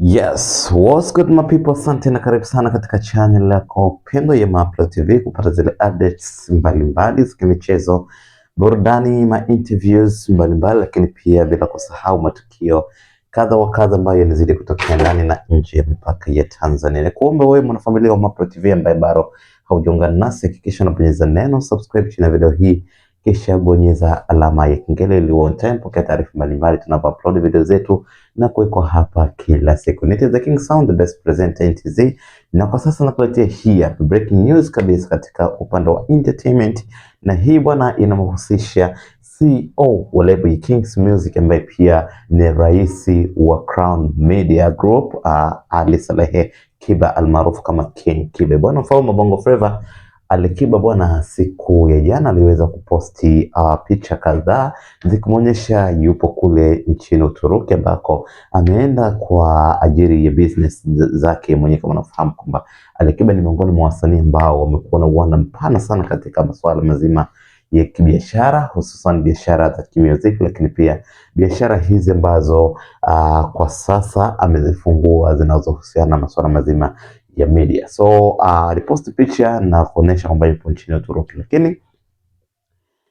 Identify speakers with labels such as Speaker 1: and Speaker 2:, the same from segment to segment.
Speaker 1: Yes, what's good my people, asante na karibu sana katika channel yako pendo ya Mapro TV kupata zile updates mbalimbali za michezo, burudani, ma interviews mbalimbali, lakini pia bila kusahau matukio kadha wa kadha ambayo yanazidi kutokea ndani na nje ya mipaka ya Tanzania. Ni kuombe wewe mwanafamilia wa Mapro TV ambaye bado haujiunga nasi, hakikisha unabonyeza neno subscribe chini ya video hii kisha bonyeza alama ya kengele ili uwe on time pokea taarifa mbalimbali tunapo upload video zetu na kuwekwa hapa kila siku. Nite the King Sound the best presenter TZ. na kwa sasa nakuletea hii hapa breaking news kabisa katika upande wa entertainment, na hii bwana inamhusisha CEO wa lebo Kings Music ambaye pia ni rais wa Crown Media Group, uh, Ali Salehe Kiba almaarufu kama King Kibe. Bwana mfahamu Bongo Flava Alikiba bwana, siku ya jana aliweza kuposti uh, picha kadhaa zikimwonyesha yupo kule nchini Uturuki ambako ameenda kwa ajili ya business zake mwenyewe. Kama unafahamu kwamba Alikiba ni miongoni mwa wasanii ambao wamekuwa na uwanda mpana sana katika masuala mazima ya kibiashara hususan biashara za kimuziki, lakini pia biashara hizi ambazo uh, kwa sasa amezifungua zinazohusiana na masuala mazima ya media. So uh, picha na kuonesha kwamba yupo nchini Uturuki, lakini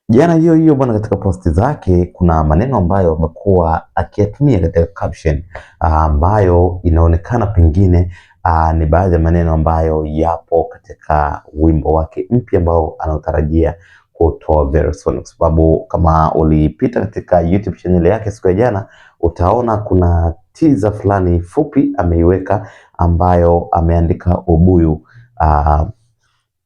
Speaker 1: jana hiyo hiyo bwana, katika posti zake kuna maneno ambayo amekuwa akiyatumia katika caption uh, ambayo inaonekana pengine Uh, ni baadhi ya maneno ambayo yapo katika wimbo wake mpya ambao anautarajia kutoa Verizon, kwa sababu kama ulipita katika YouTube channel yake siku ya jana, utaona kuna teaser fulani fupi ameiweka ambayo ameandika ubuyu uh, ah,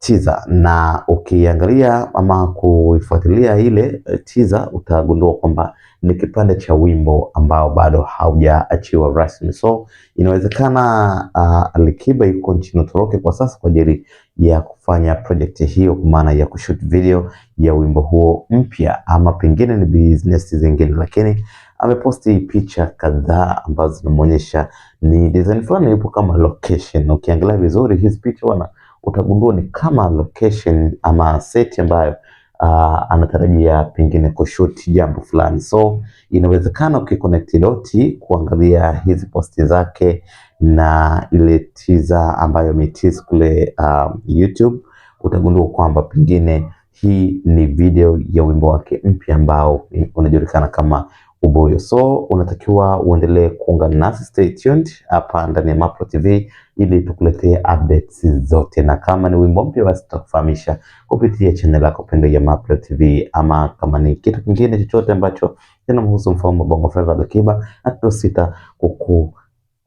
Speaker 1: tiza, na ukiangalia ama kuifuatilia ile eh, tiza utagundua kwamba ni kipande cha wimbo ambao bado haujaachiwa rasmi. So inawezekana uh, Alikiba yuko nchini Uturuki kwa sasa kwa ajili ya kufanya project hiyo, kwa maana ya kushoot video ya wimbo huo mpya, ama pengine ni business zingine, lakini ameposti picha kadhaa ambazo zinamuonyesha ni design fulani yupo kama location. Ukiangalia vizuri hizi picha wana utagundua ni kama location ama seti ambayo uh, anatarajia pengine kushuti jambo fulani, so inawezekana ukiconnect doti kuangalia hizi posti zake na ile tiza ambayo ametease kule uh, YouTube utagundua kwamba pengine hii ni video ya wimbo wake mpya ambao unajulikana kama Uboyo. So unatakiwa uendelee kuungana nasi, stay tuned hapa ndani ya Mapro TV ili tukuletee updates zote, na kama ni wimbo mpya basi tutakufahamisha kupitia channel yako pendwa ya Mapro TV, ama kama ni kitu kingine chochote ambacho kinamhusu mfumo wa Bongo Flava Alikiba, hatusita kuku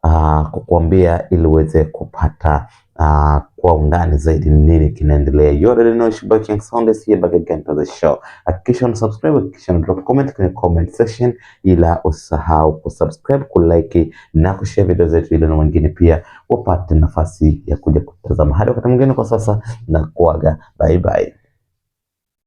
Speaker 1: uh, kukuambia ili uweze kupata uh, kwa undani zaidi nini kinaendelea. You already know it's King sound is here back again to the show. Hakikisha una subscribe, hakikisha una drop comment kwenye comment section, ila usahau kusubscribe, kulike na kushare video zetu ili na wengine pia wapate nafasi ya kuja kutazama. Hadi wakati mwingine, kwa sasa na kuaga, bye bye.